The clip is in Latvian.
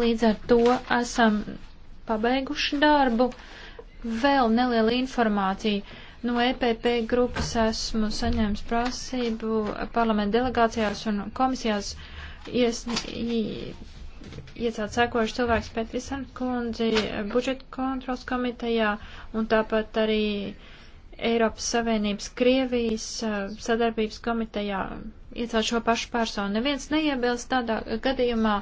Līdz ar to esam pabeiguši darbu. Vēl neliela informācija. No EPP grupas esmu saņēmis prasību parlamenta delegācijās un komisijās iecelt sekojuši cilvēks Petrisan kundzi budžeta kontrols komitejā un tāpat arī Eiropas Savienības Krievijas sadarbības komitejā iecelt šo pašu personu. Neviens neiebilst tādā gadījumā